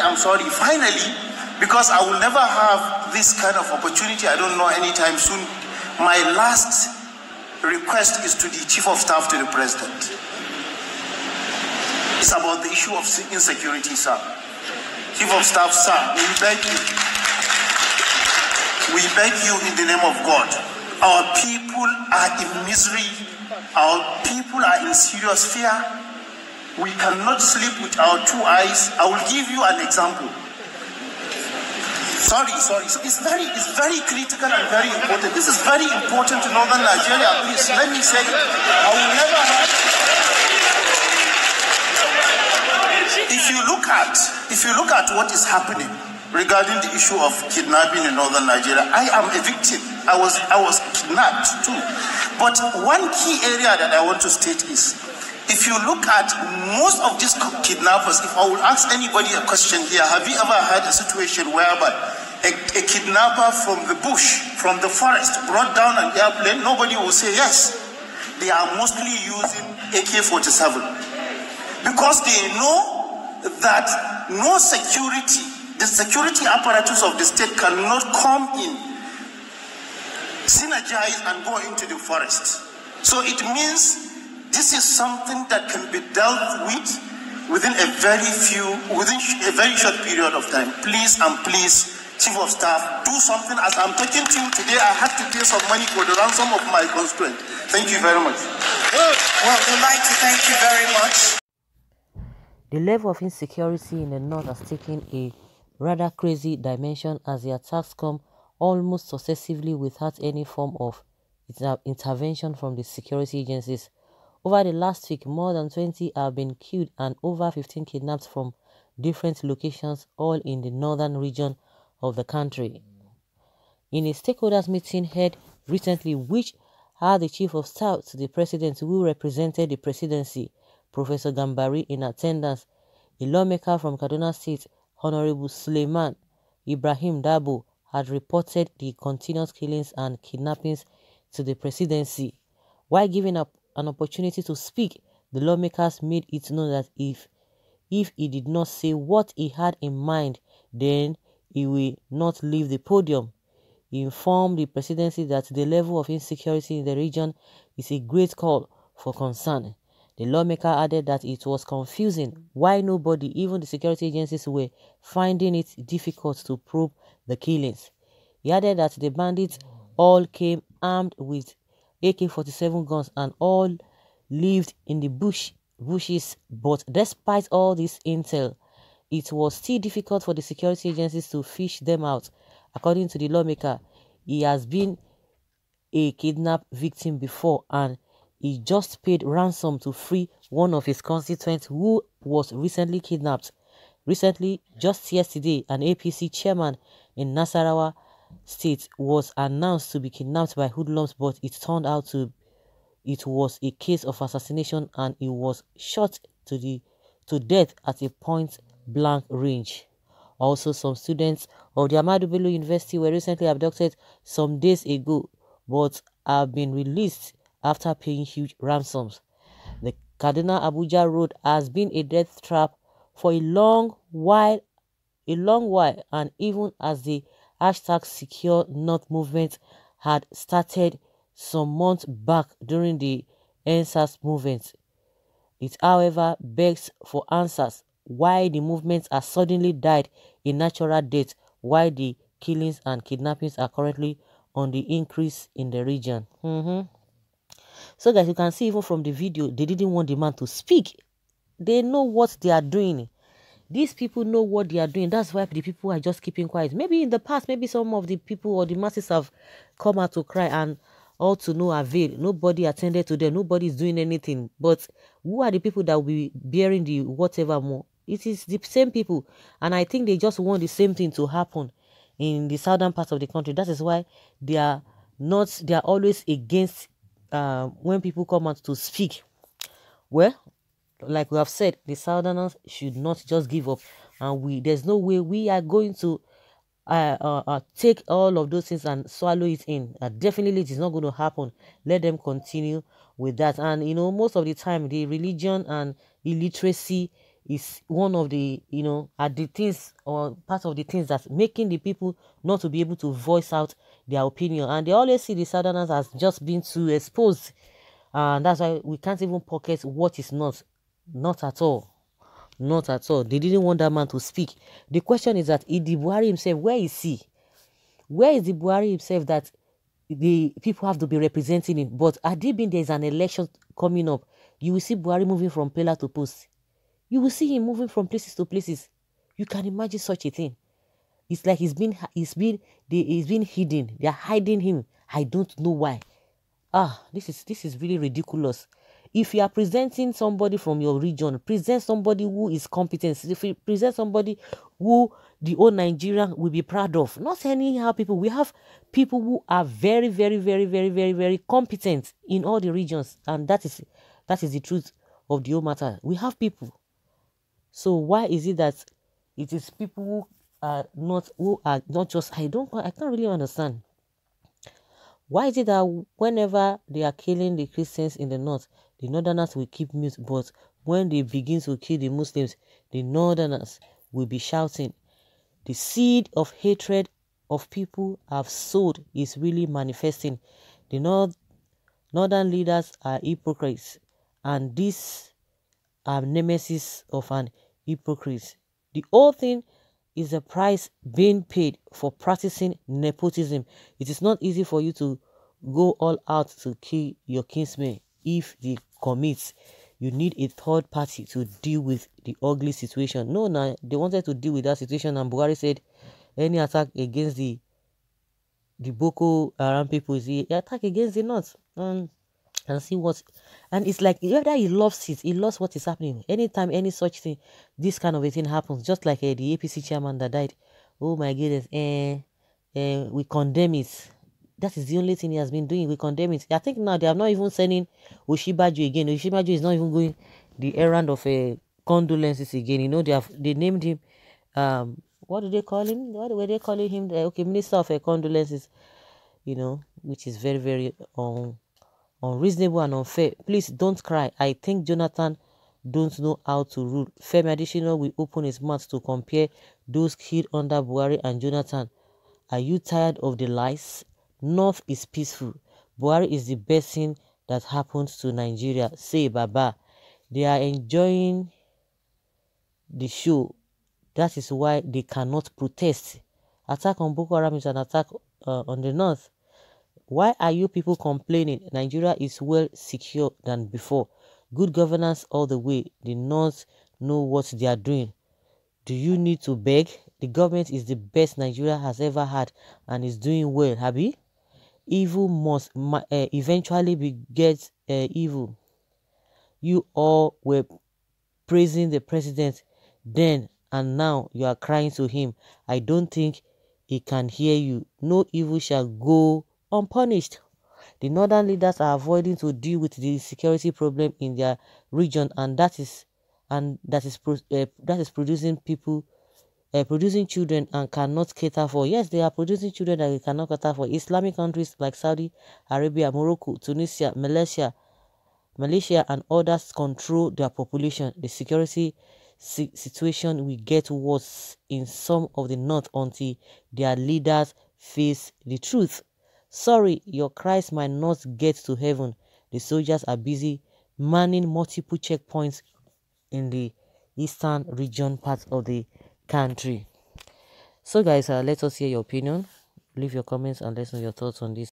I'm sorry. Finally, because I will never have this kind of opportunity, I don't know anytime soon. My last request is to the Chief of Staff to the President. It's about the issue of insecurity, sir. Chief of Staff, sir, we beg you. We beg you in the name of God. Our people are in misery. Our people are in serious fear. We cannot sleep with our two eyes. I will give you an example. Sorry, sorry. It's very, it's very critical and very important. This is very important to northern Nigeria. Please let me say, I will never have. If you look at, if you look at what is happening regarding the issue of kidnapping in northern Nigeria, I am a victim. I was, I was kidnapped too. But one key area that I want to state is if you look at most of these kidnappers, if I would ask anybody a question here, have you ever had a situation whereby a, a kidnapper from the bush, from the forest, brought down an airplane? Nobody will say yes. They are mostly using AK 47 because they know that no security, the security apparatus of the state cannot come in, synergize, and go into the forest. So it means this is something that can be dealt with within a very few, within a very short period of time. Please and please, Chief of Staff, do something. As I'm talking to you today, I had to pay some money for the ransom of my constituent. Thank you very much. Well, we'd like to thank you very much. The level of insecurity in the north has taken a rather crazy dimension as the attacks come almost successively without any form of intervention from the security agencies over the last week, more than 20 have been killed and over 15 kidnapped from different locations, all in the northern region of the country. In a stakeholders meeting held recently, which had the chief of staff to the president who represented the presidency, Professor Gambari, in attendance, a lawmaker from Kaduna State, Honorable Suleiman Ibrahim Dabo, had reported the continuous killings and kidnappings to the presidency. While giving up an opportunity to speak, the lawmakers made it known that if if he did not say what he had in mind, then he will not leave the podium. He informed the presidency that the level of insecurity in the region is a great call for concern. The lawmaker added that it was confusing why nobody, even the security agencies, were finding it difficult to probe the killings. He added that the bandits all came armed with AK-47 guns and all lived in the bush bushes but despite all this intel it was still difficult for the security agencies to fish them out according to the lawmaker he has been a kidnapped victim before and he just paid ransom to free one of his constituents who was recently kidnapped recently just yesterday an apc chairman in nasarawa State was announced to be kidnapped by hoodlums but it turned out to it was a case of assassination and he was shot to the to death at a point blank range. Also, some students of the Ahmadu Bello University were recently abducted some days ago, but have been released after paying huge ransoms. The Kaduna Abuja Road has been a death trap for a long while, a long while, and even as the hashtag secure north movement had started some months back during the Ansar's movement. It however begs for answers why the movements has suddenly died a natural death Why the killings and kidnappings are currently on the increase in the region. Mm -hmm. So guys, you can see even from the video, they didn't want the man to speak. They know what they are doing these people know what they are doing. That's why the people are just keeping quiet. Maybe in the past, maybe some of the people or the masses have come out to cry and all to no avail. Nobody attended to them. Nobody is doing anything. But who are the people that will be bearing the whatever more? It is the same people. And I think they just want the same thing to happen in the southern part of the country. That is why they are not, they are always against uh, when people come out to speak. Well, like we have said, the Southerners should not just give up, and we there's no way we are going to uh, uh, uh, take all of those things and swallow it in. Uh, definitely, it is not going to happen. Let them continue with that. And you know, most of the time, the religion and illiteracy is one of the you know are the things or part of the things that's making the people not to be able to voice out their opinion. And they always see the Southerners as just being too exposed, and that's why we can't even pocket what is not not at all. Not at all. They didn't want that man to speak. The question is that the Buhari himself, where is he? Where is the himself that the people have to be representing him? But had been there is an election coming up, you will see Buhari moving from pillar to post. You will see him moving from places to places. You can imagine such a thing. It's like he's been he's been they he's been hidden. They are hiding him. I don't know why. Ah, this is this is really ridiculous. If you are presenting somebody from your region, present somebody who is competent. If you present somebody who the old Nigerian will be proud of. Not anyhow people. We have people who are very, very, very, very, very, very competent in all the regions. And that is that is the truth of the whole matter. We have people. So why is it that it is people who are not who are not just I don't I can't really understand. Why is it that whenever they are killing the Christians in the north, the northerners will keep mute, but when they begin to kill the Muslims, the northerners will be shouting. The seed of hatred of people have sowed is really manifesting. The north, northern leaders are hypocrites, and these are nemesis of an hypocrite. The whole thing is a price being paid for practicing nepotism. It is not easy for you to go all out to kill your kinsmen if the commit you need a third party to deal with the ugly situation no no they wanted to deal with that situation and buhari said any attack against the the boko haram people is the attack against the north and and see what and it's like whether he loves it he loves what is happening anytime any such thing this kind of a thing happens just like uh, the apc chairman that died oh my goodness eh, eh we condemn it that is the only thing he has been doing. We condemn it. I think now they are not even sending Oshibaju again. Oshibaju is not even going the errand of a eh, condolences again. You know, they have they named him um what do they call him? What were they calling him? The, eh, okay, Minister of uh, Condolences, you know, which is very, very um unreasonable and unfair. Please don't cry. I think Jonathan don't know how to rule. Femi Additional will open his mouth to compare those killed under Buhari and Jonathan. Are you tired of the lies? North is peaceful, Buhari is the best thing that happened to Nigeria, say Baba. They are enjoying the show. That is why they cannot protest. Attack on Boko Haram is an attack uh, on the North. Why are you people complaining? Nigeria is well secure than before. Good governance all the way. The North know what they are doing. Do you need to beg? The government is the best Nigeria has ever had and is doing well, Habi evil must uh, eventually beget uh, eh, evil. You all were praising the president then and now you are crying to him. I don't think he can hear you. No evil shall go unpunished. The northern leaders are avoiding to deal with the security problem in their region and that is and that is uh, that is producing people uh, producing children and cannot cater for. Yes, they are producing children that they cannot cater for. Islamic countries like Saudi Arabia, Morocco, Tunisia, Malaysia, Malaysia, and others control their population. The security si situation will get worse in some of the north until their leaders face the truth. Sorry, your cries might not get to heaven. The soldiers are busy manning multiple checkpoints in the eastern region part of the country so guys uh, let us hear your opinion leave your comments and let us know your thoughts on this